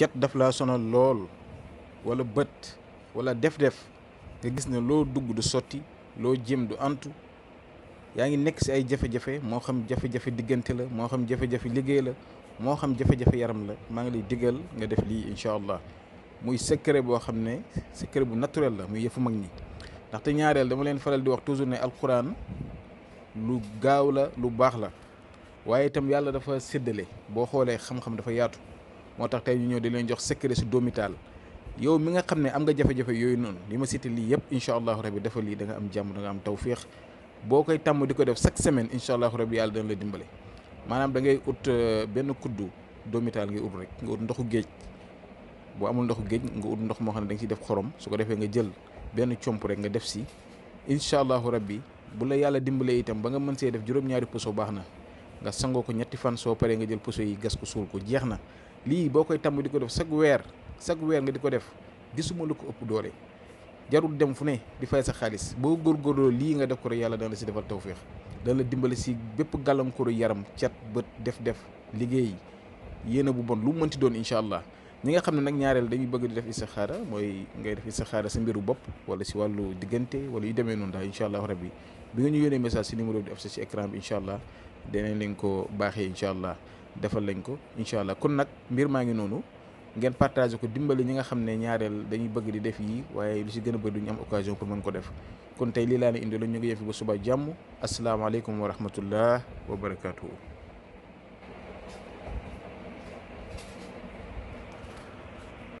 cet daf laa sonal lool wala bët wala def-def nga gis ne loo dugg du sotti loo jéem du ant yaa ngi nekk ci ay jafe-jafe moo xam jafe-jafe diggante la moo xam jafe-jafe liggéey la moo xam jafe yaram la maa ngi lay diggal nga def lii incha allah muy secret boo xam ne secret bu naturel la muy yëfu mag ñi ndaxte ñaareel dama leen faral di wax toujours ne alquran lu gaaw la lu baax la waaye itam yàlla dafa séddale boo xoolee xam-xam dafa yaatu. moo tax tey ñu ñëw di leen jox secret su doomital yow mi nga xam ne am nga jafe-jafe yooyu noonu li ma cité lii yëpp incha allahu rabi dafa lii da nga am jàmm da nga am tawféex boo koy tàmm di ko def chaque semaine incha allahu yàlla dana la dimbale maanaam da ut euh, benn kuddu doomital ngay ut rek nga ut ndoxu géej boo amul ndoxu géej nga ut ndox moo xam ne da nga ciy def xorom su ko defee nga jël benn comp rek nga def si incha allahu rabi bu la yàlla dimbalee itam ba nga mën see def juróom-ñaari puso baax na nga sangoo ko ñetti fan soo paree nga jël puso yi gas ko suul ko jeex na lii boo koy tàmm di ko def chaque weer chaque weer nga di ko def gisuma lu ko ëpp doole jarul dem fu ne di fay sa xaalis boo góor góorgóorloo lii nga def ko rek yàlla dana la si defal tawféex dana la dimbali si bépp gàllankooru yaram cat bët def-def liggéey yéene bu bon lu mu mënti doon incha allah. ñi nga xam ne nag ñaareel dañuy bëgg di def istixaara mooy ngay def istixaara sa mbiru bopp wala si wàllu diggante wala yu demee noonu daal incha allah rabbi bi nga ñu yónnee message si numéro bi di affiché si écran bi incha allah incha allah defal lañ ko incha allah kon nag mbir maa ngi noonu ngeen partagé ko dimbali ñi nga xam ne ñaareel dañuy bëgg di def yi waaye lu si gën a bëri duñu am occasion pour mën ko def kon tey lii laa ne indi la ñu ngi yëfi ba suba jàmm asalaamaaleykum wa rahmatullah wa barakaatu.